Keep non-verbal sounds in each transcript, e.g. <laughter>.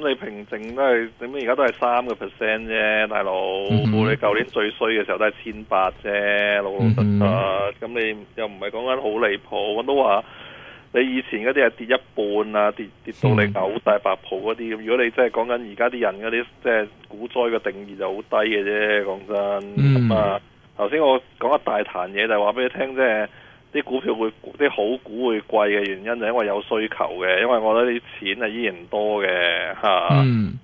咁你平靜都係點解，而家都係三個 percent 啫，大佬。Mm hmm. 你舊年最衰嘅時候都係千八啫，老老實實。咁、mm hmm. 你又唔係講緊好離譜，我都話你以前嗰啲係跌一半啊，跌跌到你嘔大白泡嗰啲。如果你真係講緊而家啲人嗰啲，即係股災嘅定義就好低嘅啫。講真咁、mm hmm. 嗯、啊，頭先我講一大壇嘢，就係話俾你聽，即係。啲股票會啲好股會貴嘅原因就因為有需求嘅，因為我覺得啲錢係依然多嘅嚇，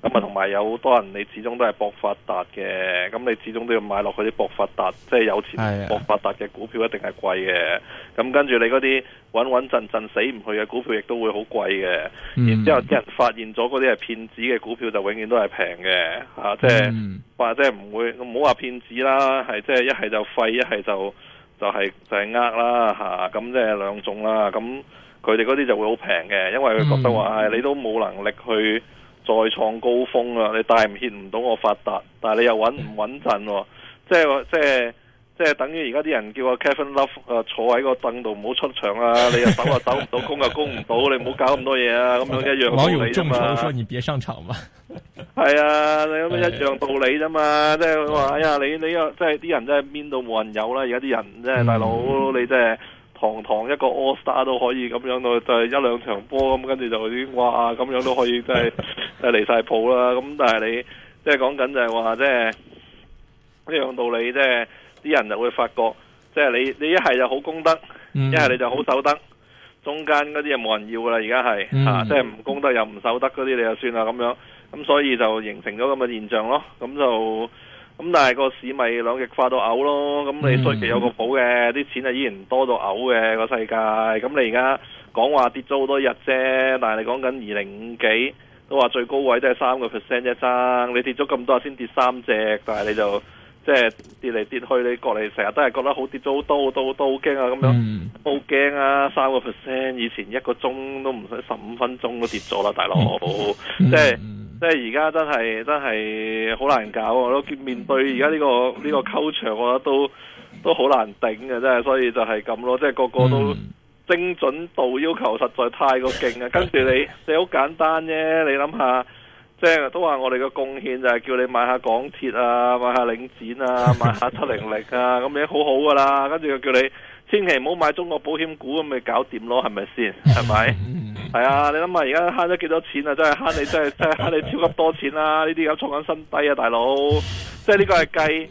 咁啊同埋、嗯、有好多人你始終都係博發達嘅，咁你始終都要買落去啲博發達，即係有錢博發達嘅股票一定係貴嘅。咁跟住你嗰啲穩穩陣陣死唔去嘅股票亦都會好貴嘅。嗯、然之後啲人發現咗嗰啲係騙子嘅股票就永遠都係平嘅嚇，即係或者唔會唔好話騙子啦，係即係一係就廢一係就。就係就係呃啦吓，咁即係兩種啦。咁佢哋嗰啲就會好平嘅，因為佢覺得話唉、哎，你都冇能力去再創高峰啊，你帶唔 h 唔到我發達，但係你又穩唔穩陣喎，即係即係。即係等於而家啲人叫阿 Kevin Love 啊坐喺個凳度唔好出場啊！你又走啊走唔到 <laughs> 攻啊攻唔到，你唔好搞咁多嘢啊！咁樣一樣道理啫嘛。 <laughs> 老友中啊，都說你別上場嘛。係 <laughs> 啊，你咁樣一樣道理啫嘛。即係話哎呀，你你又即係啲人真係邊度冇人有啦！而家啲人即係 <laughs> 大佬，你真係堂堂一個 All Star 都可以咁樣到，就係、是、一兩場波咁，跟住就已經哇咁樣都可以即係誒離晒譜啦！咁但係你即係講緊就係話，即係一樣道理，即係。啲人就會發覺，即係你你一係就好攻得，一係、嗯、你就好守得，嗯、中間嗰啲就冇人要噶啦，而家係嚇，嗯啊、即係唔攻得又唔守得嗰啲你就算啦咁樣，咁所以就形成咗咁嘅現象咯，咁就咁但係個市咪兩極化到嘔咯，咁你衰極有個譜嘅，啲錢啊依然多到嘔嘅個世界，咁你而家講話跌咗好多日啫，但係你講緊二零五幾都話最高位都係三個 percent 一增，你跌咗咁多日先跌三隻，但係你就。即係跌嚟跌去，你過嚟成日都係覺得好跌咗好多好多好驚啊！咁、嗯、樣好驚啊！三個 percent，以前一個鐘都唔使十五分鐘都跌咗啦，大佬、嗯！即係即係而家真係真係好難搞咯、啊！見面對而家呢個呢、這個溝場，我覺得都都好難頂嘅，真係。所以就係咁咯，即係個個都精準度要求實在太過勁啊！嗯、跟住你，你好簡單啫、啊，你諗下。即係都話我哋嘅貢獻就係叫你買下港鐵啊，買下領展啊，買下七零零啊，咁樣已經好好噶啦。跟住又叫你千祈唔好買中國保險股，咁咪搞掂咯，係咪先？係咪？係 <laughs> 啊！你諗下而家慳咗幾多錢啊！真係慳你真係真係慳你超級多錢啦、啊！呢啲咁創緊新低啊，大佬！即係呢個係計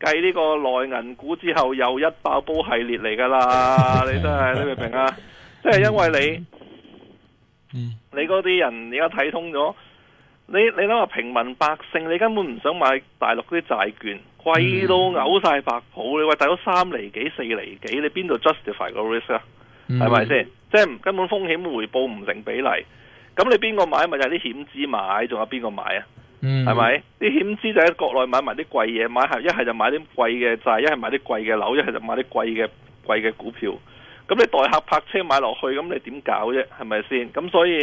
計呢個內銀股之後又一爆煲系列嚟噶啦！你真係你明唔明啊？即係因為你你嗰啲人而家睇通咗。你你諗下平民百姓，你根本唔想買大陸啲債券，貴到嘔晒白泡。你話大佬三厘幾四厘幾，你邊度 justify 個 risk 啊？係咪先？吧嗯、即係根本風險回報唔成比例。咁你邊個買，買？咪就係啲險資買，仲有邊個買啊？係咪、嗯？啲險資就喺國內買埋啲貴嘢，買，係一係就買啲貴嘅債，一係買啲貴嘅樓，一係就買啲貴嘅貴嘅股票。咁你代客泊車買落去，咁你點搞啫？係咪先？咁所以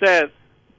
即係。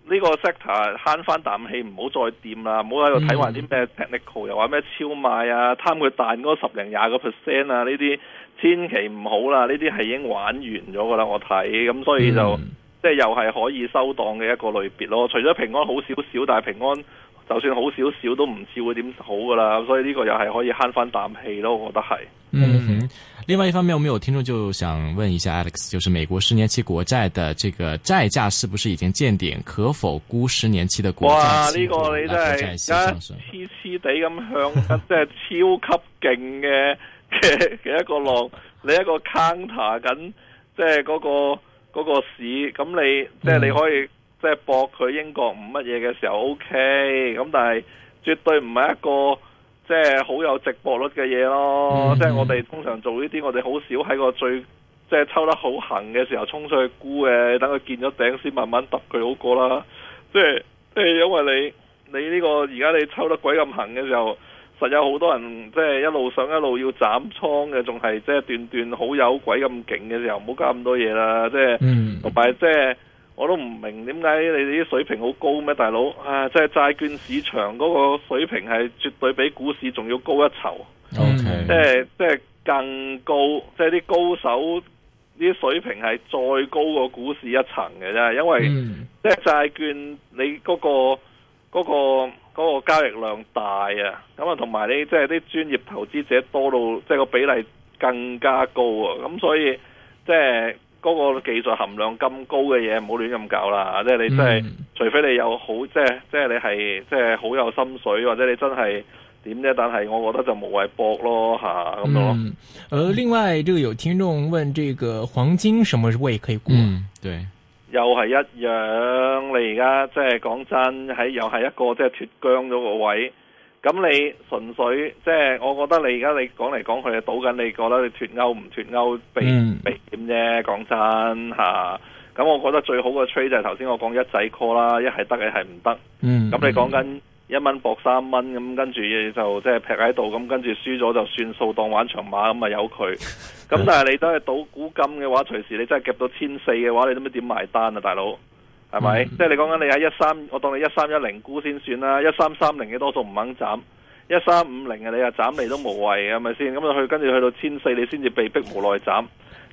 呢個 sector 慳翻啖氣，唔好再掂啦，唔好喺度睇埋啲咩 technical，又話咩超賣貪啊，貪佢彈嗰十零廿個 percent 啊，呢啲千祈唔好啦，呢啲係已經玩完咗噶啦，我睇，咁所以就、嗯、即係又係可以收檔嘅一個類別咯。除咗平安好少少，但係平安就算好少少都唔知會點好噶啦，所以呢個又係可以慳翻啖氣咯，我覺得係、嗯。嗯哼。嗯。另外一方面，我有聽眾就想問一下 Alex，就是美國十年期國債的這個債價是不是已經見頂，可否沽十年期的國債？哇！呢、這個你真係，而家黐黐地咁向，真係 <laughs> 超級勁嘅嘅一個浪。你一個 counter 緊，即係嗰、那個嗰、那個市，咁你即係、嗯、你可以即係博佢英國唔乜嘢嘅時候 OK，咁但係絕對唔係一個。即係好有值博率嘅嘢咯，mm hmm. 即係我哋通常做呢啲，我哋好少喺個最即係抽得好行嘅時候衝出去沽嘅，等佢見咗頂先慢慢揼佢好過啦。即係即係因為你你呢個而家你抽得鬼咁行嘅時候，實有好多人即係一路上一路要斬倉嘅，仲係即係段段好有鬼咁勁嘅時候，唔好加咁多嘢啦。Mm hmm. 即係同埋即係。我都唔明點解你哋啲水平好高咩，大佬啊！即係債券市場嗰個水平係絕對比股市仲要高一籌，即係即係更高，即係啲高手啲水平係再高過股市一層嘅啫。因為即係、mm. 債券你嗰個嗰個嗰個交易量大啊，咁啊同埋你即係啲專業投資者多到即係個比例更加高啊，咁所以即係。就是嗰個技術含量咁高嘅嘢，唔好亂咁搞啦！即係你真係，嗯、除非你有好即係即係你係即係好有心水，或者你真係點啫？但係我覺得就無謂搏咯吓咁、啊、樣咯。誒、嗯，另外，呢個有聽眾問，呢個黃金什麼位可以沽、嗯？對，又係一樣。你而家即係講真，喺又係一個即係脱韁咗個位。咁你純粹即係，我覺得你而家你講嚟講去，係賭緊你覺得你脱歐唔脱歐，避避險啫。講真嚇，咁我覺得最好嘅 trade 就係頭先我講一仔 call 啦，一係得一係唔得。咁你講緊一蚊搏三蚊咁，跟住就即係劈喺度，咁跟住輸咗就算數，當玩長馬咁咪由佢。咁但係你都係賭股金嘅話，隨時你真係夾到千四嘅話，你都唔知點埋單啊，大佬？係咪？嗯、即係你講緊你喺一三，我當你一三一零沽先算啦，一三三零嘅多數唔肯斬，一三五零嘅你又斬你都無謂，係咪先？咁啊去跟住去到千四，你先至被逼無奈斬，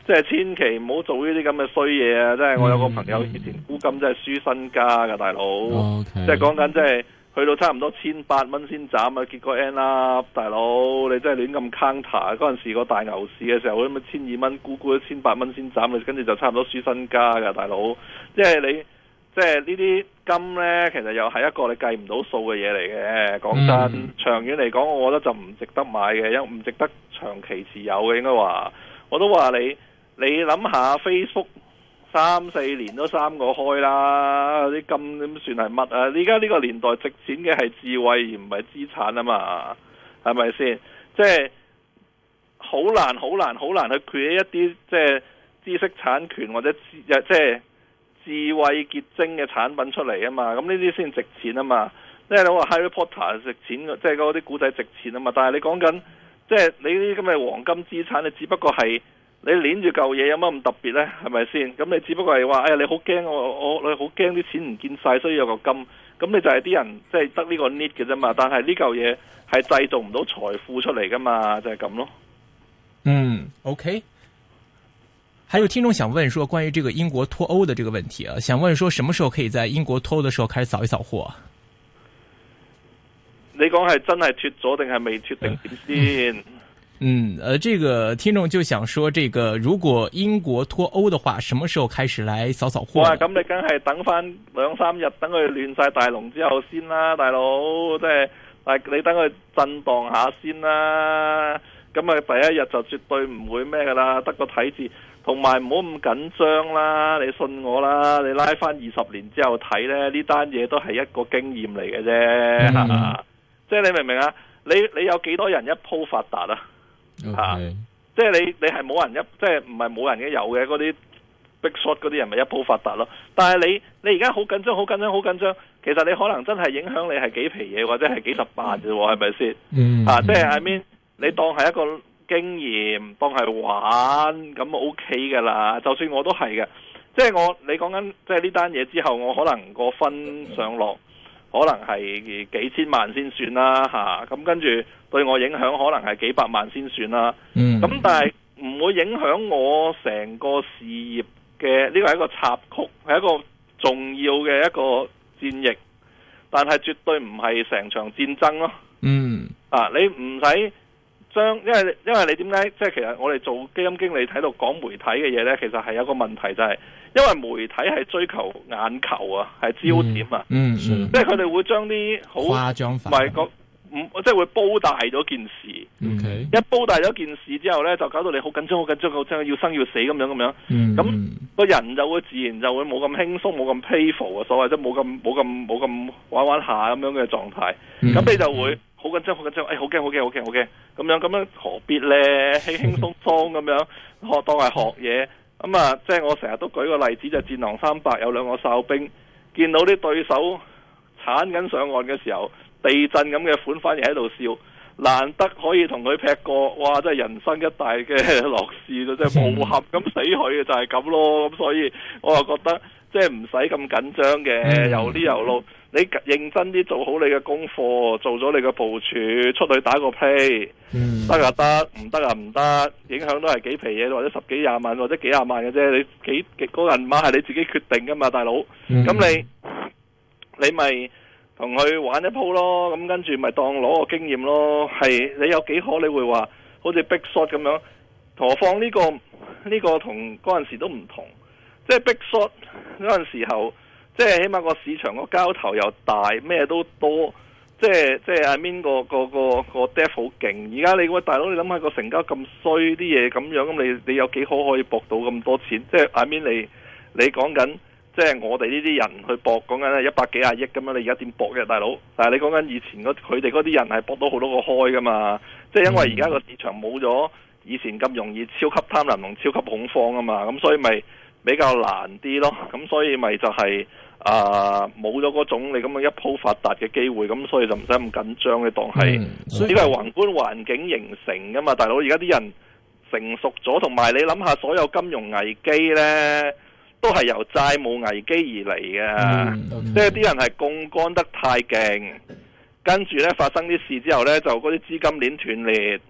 即係千祈唔好做呢啲咁嘅衰嘢啊！即係我有個朋友以前沽金，真係輸身家噶大佬，即係講緊即係去到差唔多千八蚊先斬啊，結果 end up，大佬你真係亂咁 counter，嗰陣時個大牛市嘅時候，咁啊千二蚊沽沽到千八蚊先斬，跟住就差唔多輸身家噶大佬，即係你。即係呢啲金呢，其實又係一個你計唔到數嘅嘢嚟嘅。講真，嗯、長遠嚟講，我覺得就唔值得買嘅，因為唔值得長期持有嘅應該話。我都話你，你諗下，Facebook，三四年都三個開啦，啲金點算係乜啊？你而家呢個年代值錢嘅係智慧，而唔係資產啊嘛，係咪先？即係好難，好難，好難去 create 一啲即係知識產權或者即係。智慧結晶嘅產品出嚟啊嘛，咁呢啲先值錢啊嘛。即係你話《Harry Potter》值錢，即係嗰啲古仔值錢啊嘛。但係你講緊，即係你呢啲咁嘅黃金資產，你只不過係你捻住嚿嘢，有乜咁特別呢？係咪先？咁你只不過係話，哎呀，你好驚我我，你好驚啲錢唔見晒，所以有個金。咁你就係啲人即係得呢個 need 嘅啫嘛。但係呢嚿嘢係製造唔到財富出嚟噶嘛，就係咁咯。嗯，OK。還有聽眾想問說，關於這個英國脱歐的這個問題啊，想問說，什麼時候可以在英國脱歐的時候開始掃一掃貨？你講係真係脱咗定係未脫定 <laughs> 先？嗯，呃，這個聽眾就想說，這個如果英國脱歐的話，什麼時候開始來掃掃貨？哇，咁、啊、你梗係等翻兩三日，等佢亂晒大龍之後先啦，大佬，即係，誒、啊，你等佢震蕩下先啦，咁啊，第一日就絕對唔會咩噶啦，得個睇字。同埋唔好咁緊張啦，你信我啦，你拉翻二十年之後睇呢，呢單嘢都係一個經驗嚟嘅啫，即係你明唔明啊？你你有幾多人一鋪發達啊？嚇 Okay.、啊！即係你你係冇人一，即係唔係冇人嘅有嘅嗰啲 big shot 嗰啲人咪一鋪發達咯、啊？但係你你而家好緊張，好緊張，好緊，緊張，其實你可能真係影響你係幾皮嘢或者係幾十萬啫喎，係咪先？啊，即係 I mean, 你當係一個。經驗當係玩咁 O K 噶啦，就算我都係嘅，即係我你講緊即係呢單嘢之後，我可能個分上落可能係幾千萬先算啦吓，咁、啊、跟住對我影響可能係幾百萬先算啦。嗯，咁但係唔會影響我成個事業嘅。呢個係一個插曲，係一個重要嘅一個戰役，但係絕對唔係成場戰爭咯。嗯，啊，你唔使。將，因為因為你點解即係其實我哋做基金經理睇到講媒體嘅嘢咧，其實係有一個問題就係，因為媒體係追求眼球啊，係焦點啊，嗯，嗯，嗯妝即係佢哋會將啲好誇張，唔係即係會煲大咗件事，嗯、一煲大咗件事之後咧，就搞到你好緊張，好緊張，好緊張要生要死咁樣咁樣，咁個、嗯、人就會自然就會冇咁輕鬆，冇咁 peaceful 啊，所謂即冇咁冇咁冇咁玩玩下咁樣嘅狀態，咁你就會。嗯嗯嗯好緊張，好緊張！哎，好驚，好驚，好驚，好驚！咁樣咁樣何必呢？輕輕鬆鬆咁樣，學當係學嘢。咁啊，即係我成日都舉個例子，就是《戰狼三百》百有兩個哨兵，見到啲對手鏟緊上岸嘅時候，地震咁嘅款反而喺度笑，難得可以同佢劈過，哇！真係人生一大嘅樂事，即係冇憾咁死去嘅就係、是、咁咯。咁所以我又覺得即係唔使咁緊張嘅，有呢有路。你認真啲做好你嘅功課，做咗你嘅部署，出去打個呸、嗯，得啊，得，唔得啊唔得，影響都係幾皮嘢，或者十幾廿萬或者幾廿萬嘅啫。你幾幾嗰人馬係你自己決定噶嘛，大佬。咁、嗯、你你咪同佢玩一鋪咯，咁跟住咪當攞個經驗咯。係你有幾可你會話好似逼 short 咁樣，何況呢個呢、這個同嗰陣時都唔同，即係逼 short 嗰陣時候。即係起碼個市場個交投又大，咩都多，即係即係阿 Min 個個個 def 好勁。而家 I mean, 你喂大佬，你諗下個成交咁衰，啲嘢咁樣，咁你你有幾可可以博到咁多錢？即係阿 Min, I mean, 你你講緊即係我哋呢啲人去博，講緊一百幾廿億咁樣，你而家點博嘅大佬？但係你講緊以前佢哋嗰啲人係博到好多個開噶嘛。即係因為而家個市場冇咗以前咁容易，超級貪婪同超級恐慌啊嘛，咁所以咪比較難啲咯。咁所以咪就係、是。啊！冇咗嗰種你咁樣一鋪發達嘅機會，咁所以就唔使咁緊張嘅，你當係呢個係宏觀環境形成噶嘛，大佬而家啲人成熟咗，同埋你諗下所有金融危機呢，都係由債務危機而嚟嘅，嗯 okay. 即係啲人係槓桿得太勁，跟住呢發生啲事之後呢，就嗰啲資金鏈斷裂，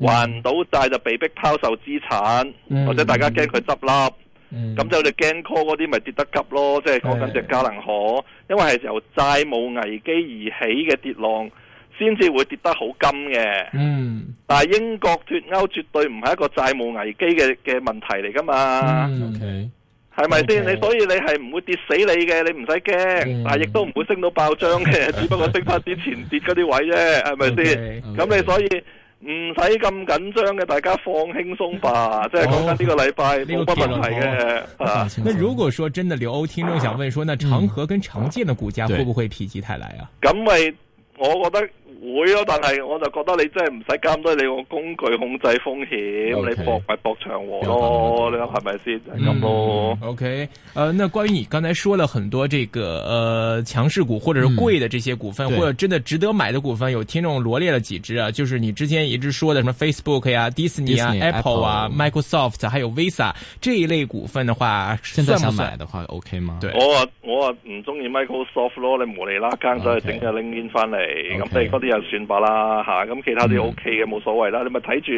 還唔到債就被逼拋售資產，嗯、或者大家驚佢執笠。咁、嗯、就我哋驚 call 嗰啲咪跌得急咯，即係講緊隻嘉能可，嗯、因為係由債務危機而起嘅跌浪，先至會跌得好金嘅。嗯，但係英國脫歐絕對唔係一個債務危機嘅嘅問題嚟噶嘛？O K，係咪先？你所以你係唔會跌死你嘅，你唔使驚。嗯、但係亦都唔會升到爆漲嘅，嗯、只不過升翻之前跌嗰啲位啫，係咪先？咁 okay, okay, 你所以。唔使咁緊張嘅，大家放輕鬆吧，即係講緊呢個禮拜冇乜、哦、問題嘅。哦、啊，那如果說真的，留歐聽眾想問說，啊、那長和跟長建的股價會不會否極泰來啊？咁咪、嗯啊、我覺得。會咯，但係我就覺得你真係唔使加咁你個工具控制風險，你搏咪搏長和咯，你話係咪先咁咯？OK，呃，那關於你剛才說了很多這個呃強勢股，或者是貴的這些股份，或者真的值得買的股份，有聽眾羅列咗幾隻啊？就是你之前一直說的什麼 Facebook 呀、Disney 啊、Apple 啊、Microsoft，還有 Visa 這一類股份的話，現在想買的話 OK 嗎？我我唔中意 Microsoft 咯，你無理啦梗走去整嘅拎 i 翻嚟，咁譬如啲算罷啦吓，咁、啊、其他啲 O K 嘅冇所謂啦。你咪睇住，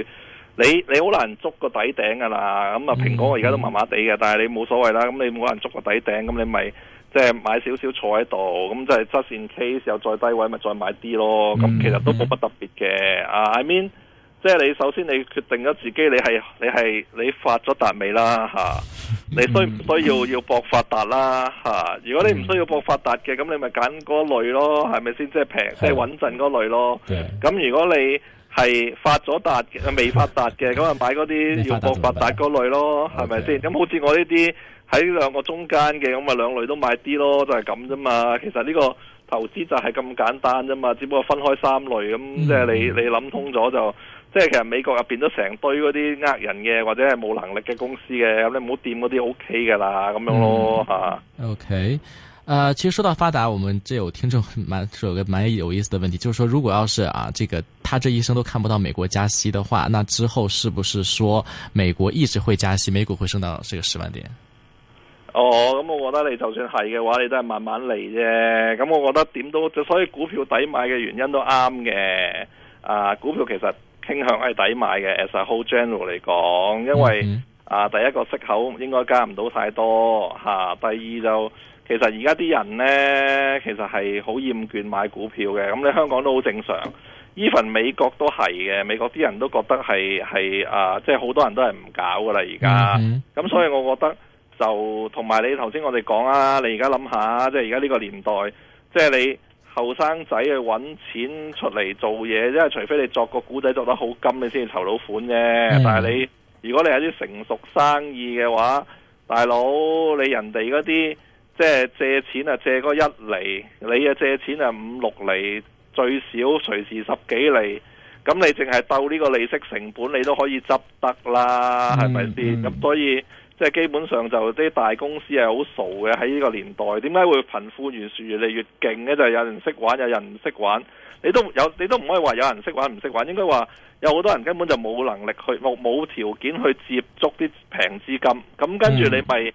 你你好難捉個底頂噶啦。咁啊，蘋果我而家都麻麻地嘅，但係你冇所謂啦。咁、啊、你冇可能捉個底頂，咁、啊、你咪即係買少少坐喺度。咁即係側線 K 又再低位，咪再買啲咯。咁、啊啊、其實都冇乜特別嘅。啊，I mean。即係你首先你決定咗自己你係你係你發咗達未啦，吓、啊，你需唔需要要博發達啦，吓、啊？如果你唔需要博發達嘅，咁你咪揀嗰類咯，係咪先？即係平即係穩陣嗰類咯。咁如果你係發咗達嘅未發達嘅，咁啊買嗰啲要博發達嗰類咯，係咪先？咁 Okay. 好似我呢啲喺兩個中間嘅，咁啊兩類都買啲咯，就係咁啫嘛。其實呢個投資就係咁簡單啫嘛，只不過分開三類咁，即係你你諗通咗就。即係其實美國入邊都成堆嗰啲呃人嘅，或者係冇能力嘅公司嘅，咁你唔好掂嗰啲 O K 㗎喇，咁樣咯吓。O K，誒，其實說到發達，我們這有聽眾蠻說有個蠻有意思嘅問題，就是說如果要是啊，這個他這一生都看不到美國加息的話，那之後是不是說美國一直會加息，美股會升到這個十萬點？哦、咁、嗯、我覺得你就算係嘅話，你都係慢慢嚟啫。咁、嗯、我覺得點都所以股票抵買嘅原因都啱嘅。啊，股票其實。傾向係抵買嘅，as a whole general 嚟講，因為啊、mm hmm. 呃，第一個息口應該加唔到太多嚇、啊，第二就其實而家啲人呢，其實係好厭倦買股票嘅，咁、嗯、你香港都好正常，even 美國都係嘅，美國啲人都覺得係係啊，即係好多人都係唔搞噶啦而家，咁、mm hmm. 嗯、所以我覺得就同埋你頭先我哋講啊，你而家諗下，即係而家呢個年代，即係你。後生仔去搵錢出嚟做嘢，因為除非你作個古仔作得好金，你先至籌到款啫。嗯、但係你如果你係啲成熟生意嘅話，大佬你人哋嗰啲即係借錢啊借嗰一厘，你啊借錢啊五六厘，最少隨時十幾厘，咁你淨係鬥呢個利息成本，你都可以執得啦，係咪先？咁、嗯嗯、所以。即係基本上就啲大公司係好傻嘅，喺呢個年代，點解會貧富懸殊越嚟越勁呢？就係有人識玩，有人唔識玩。你都有你都唔可以話有人識玩唔識玩，應該話有好多人根本就冇能力去冇冇條件去接觸啲平資金。咁跟住你咪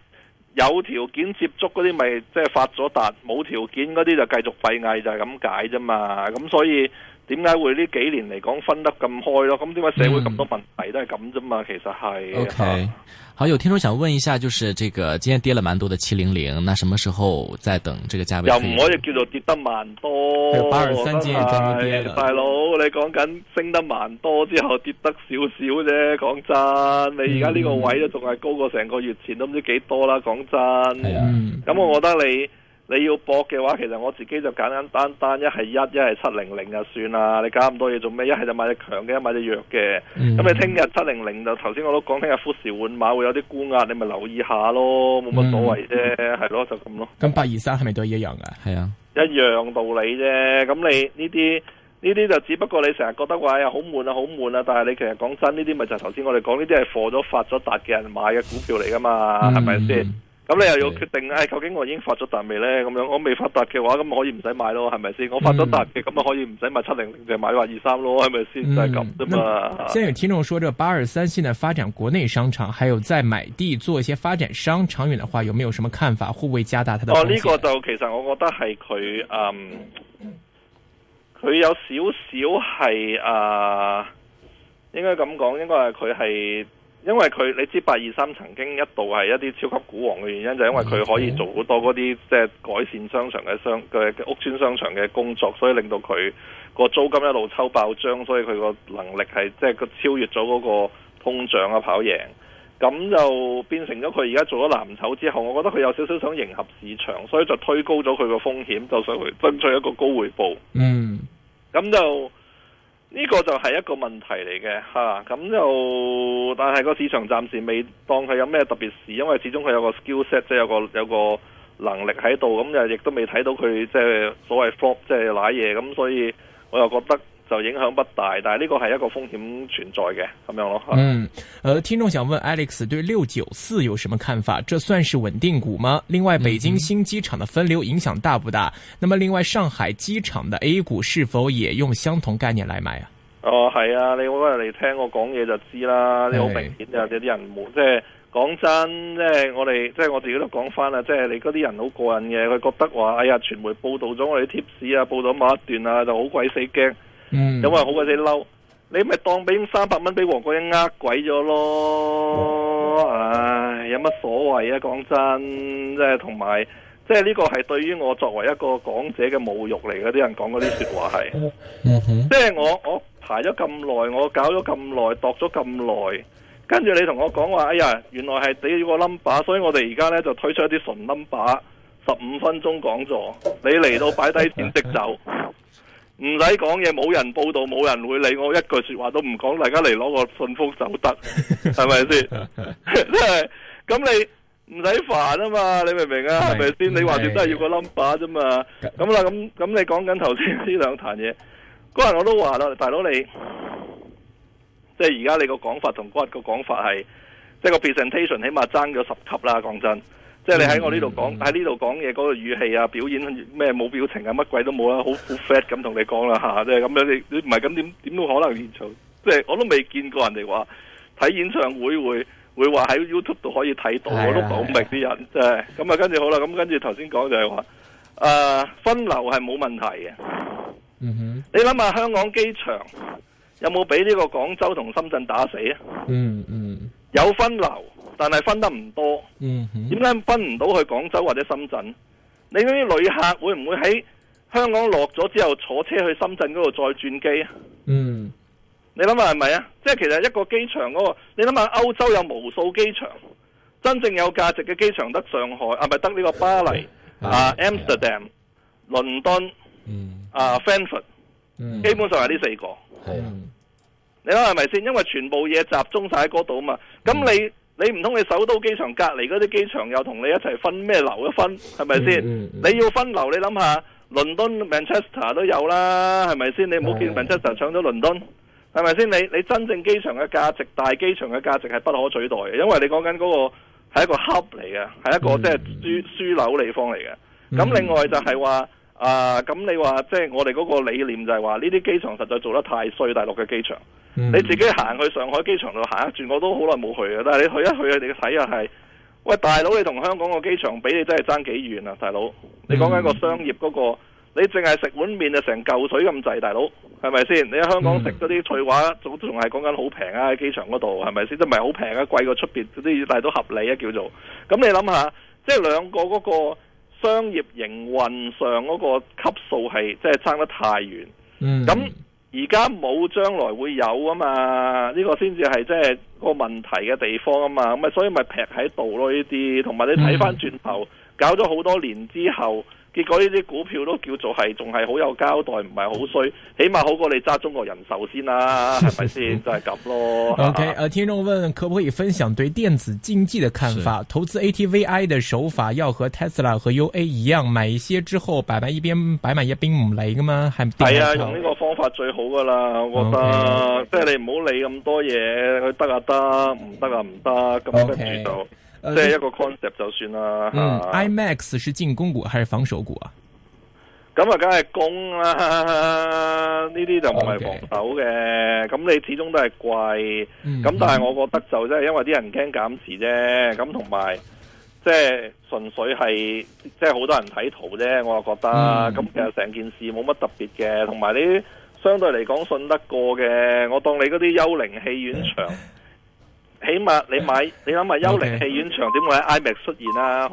有條件接觸嗰啲咪即係發咗達，冇條件嗰啲就繼續閉翳就係咁解啫嘛。咁所以。點解會呢幾年嚟講分得咁開咯？咁點解社會咁多問題都係咁啫嘛？嗯、其實係。OK，好，有聽眾想問一下，就是呢、這個今天跌了蠻多嘅七零零，那什麼時候再等這個價位？又唔可以叫做跌得蠻多。八二三斤再大佬，你講緊升得蠻多之後跌得少少啫。講真，你而家呢個位都仲係高過成個月前都唔知幾多啦。講真，咁、嗯嗯、我覺得你。你要搏嘅話，其實我自己就簡簡單單，一係一，一係七零零就算啦，你搞咁多嘢做咩？一係、嗯、就買隻強嘅，一買隻弱嘅。咁你聽日七零零就頭先我都講聽日富時換馬會有啲沽壓，你咪留意下咯，冇乜所謂啫，係、嗯、咯，就咁咯。咁八二三係咪都係一樣噶？係啊，一樣道理啫。咁你呢啲呢啲就只不過你成日覺得話、哎、啊好悶啊好悶啊，但係你其實講真，呢啲咪就頭先我哋講呢啲係富咗發咗達嘅人買嘅股票嚟噶嘛，係咪先？咁你又要決定，誒、哎，究竟我已經發咗達未呢？咁樣我未發達嘅話，咁可以唔使買咯，係咪先？嗯、我發咗達嘅，咁啊可以唔使買七零零，買嗯、就買八二三咯，係咪先？就係咁啫。嘛。先有聽眾說，這八二三線嘅發展國內商場，還有在買地做一些發展商，長遠的話有沒有什麼看法？會唔會加大它的？哦，呢、這個就其實我覺得係佢，嗯，佢有少少係，誒、呃，應該咁講，應該係佢係。因為佢，你知八二三曾經一度係一啲超級股王嘅原因，就係、因為佢可以做好多嗰啲即係改善商場嘅商嘅屋村商場嘅工作，所以令到佢個租金一路抽爆漲，所以佢個能力係即係個超越咗嗰個通脹啊跑贏，咁就變成咗佢而家做咗藍籌之後，我覺得佢有少少想迎合市場，所以就推高咗佢個風險，就想去爭取一個高回報。嗯，咁就。呢個就係一個問題嚟嘅嚇。咁就但係個市場暫時未當佢有咩特別事，因為始終佢有個 skill set，即係有個有個能力喺度，咁，嗯，又亦都未睇到佢即係所謂 flop，即係瀨嘢，咁，嗯，所以我又覺得。就影響不大，但係呢個係一個風險存在嘅咁樣咯。嗯，呃，聽眾想問 Alex 對六九四有什麼看法？這算是穩定股嗎？另外，北京新機場的分流影響大不大？嗯、那麼，另外上海機場的 A 股是否也用相同概念來買啊？哦，係啊，你嗰日嚟聽我講嘢就知啦。你好明顯啊，有啲是人冇即係講真，即係我哋即係我自己都講翻啦，即係你嗰啲人好過癮嘅，佢覺得話，哎呀，傳媒報道咗我哋貼士啊，報道某一段啊，就好鬼死驚。嗯，因為好鬼死嬲，你咪當俾三百蚊俾黃國英呃鬼咗咯，唉，有乜所謂啊？講真，即係同埋，即係呢個係對於我作為一個講者嘅侮辱嚟。嗰啲人講嗰啲說話係，嗯嗯嗯、即係我我排咗咁耐，我搞咗咁耐，度咗咁耐，跟住你同我講話，哎呀，原來係俾個 number，所以我哋而家呢，就推出一啲純 number，十五分鐘講座，你嚟到擺低錢即走。嗯嗯嗯嗯唔使講嘢，冇人報道，冇人會理我，一句說話都唔講，大家嚟攞個信封就得，係咪先？即係咁你唔使煩啊嘛，你明唔明啊？係咪先？ <laughs> 你話住都係要個 number 啫嘛，咁啦， <laughs> 咁咁你講緊頭先呢兩壇嘢，嗰陣 <laughs> 我都話啦，大佬你即係而家你個講法同嗰個講法係，即係個 presentation 起碼爭咗十級啦，講真。即係你喺我呢度講喺呢度講嘢嗰、那個語氣啊，表演咩，冇表情啊，乜鬼都冇啦，好好 flat 咁同你講啦吓，即係咁樣你你唔係咁點點都可能現場，即係我都未見過人哋話睇演唱會會會話喺 YouTube 度可以睇到、哎、呀我都保密啲人、哎、呀即係咁啊，跟住好啦，咁跟住頭先講就係話誒，分流係冇問題嘅，嗯哼，你諗下香港機場有冇俾呢個廣州同深圳打死啊？嗯嗯，有分流。但係分得唔多，點解、mm hmm. 分唔到去廣州或者深圳？你嗰啲旅客會唔會喺香港落咗之後坐車去深圳嗰度再轉機啊？嗯、mm，hmm. 你諗下係咪啊？即係其實一個機場嗰、那個，你諗下歐洲有無數機場，真正有價值嘅機場得上海，啊唔係？得呢個巴黎啊、Amsterdam、倫敦啊、f a n f o r d Frankfurt，基本上係呢四個。係啊，你諗係咪先？因為全部嘢集中晒喺嗰度啊嘛，咁你、mm。Hmm. Mm hmm. 你唔通你首都機場隔離嗰啲機場又同你一齊分咩樓一分，係咪先？嗯嗯、你要分流，你諗下倫敦 Manchester 都有啦，係咪先？你唔好見 Manchester 搶咗倫敦，係咪先？你你真正機場嘅價值，大機場嘅價值係不可取代嘅，因為你講緊嗰個係一個 hub 嚟嘅，係一個即係樞樞紐地方嚟嘅。咁另外就係話。啊，咁你話即係我哋嗰個理念就係話呢啲機場實在做得太衰，大陸嘅機場。嗯、你自己行去上海機場度行一轉，我都好耐冇去啊。但係你去一去，你嘅睇下係，喂，大佬你同香港個機場比，你真係爭幾遠啊，大佬！嗯、你講緊個商業嗰個，你淨係食碗麵就成嚿水咁滯，大佬係咪先？你喺香港食嗰啲翠華，仲仲係講緊好平啊，喺機場嗰度係咪先？即係唔係好平啊？貴過出邊嗰啲，但都合理啊，叫做。咁你諗下，即係兩個嗰個。商業營運上嗰個級數係，即係差得太遠。咁而家冇，將來會有啊嘛？呢個先至係即係個問題嘅地方啊嘛。咁啊，所以咪劈喺度咯，呢啲。同埋你睇翻轉頭，嗯、搞咗好多年之後。結果呢啲股票都叫做係仲係好有交代，唔係好衰，起碼好過你揸中國人壽先啦、啊，係咪先？就係、是、咁咯。O Okay , K，哈、啊、聽眾問可唔可以分享對電子競技嘅看法？是投資 ATVI 嘅手法要和 Tesla 和 UA 一樣，買一些之後擺埋一邊，擺埋一邊唔理噶嘛？係係啊，用呢個方法最好噶啦，okay, 我覺得。Okay, okay. 即係你唔好理咁多嘢，佢得啊得，唔得啊唔得，咁跟住就。即係一個 concept 就算啦。嗯啊、IMAX 是進攻股還是防守股啊？咁啊，梗係攻啦。呢啲就唔係防守嘅。咁、oh, okay. 你始終都係貴。咁、嗯、但係我覺得就真係因為啲人驚減持啫。咁同埋，即係純粹係即係好多人睇圖啫。我又覺得咁、嗯、其實成件事冇乜特別嘅。同埋你相對嚟講信得過嘅，我當你嗰啲幽靈戲院場。嗯起碼你買， <laughs> 你諗下幽靈戲院場點會喺 IMAX 出現啊？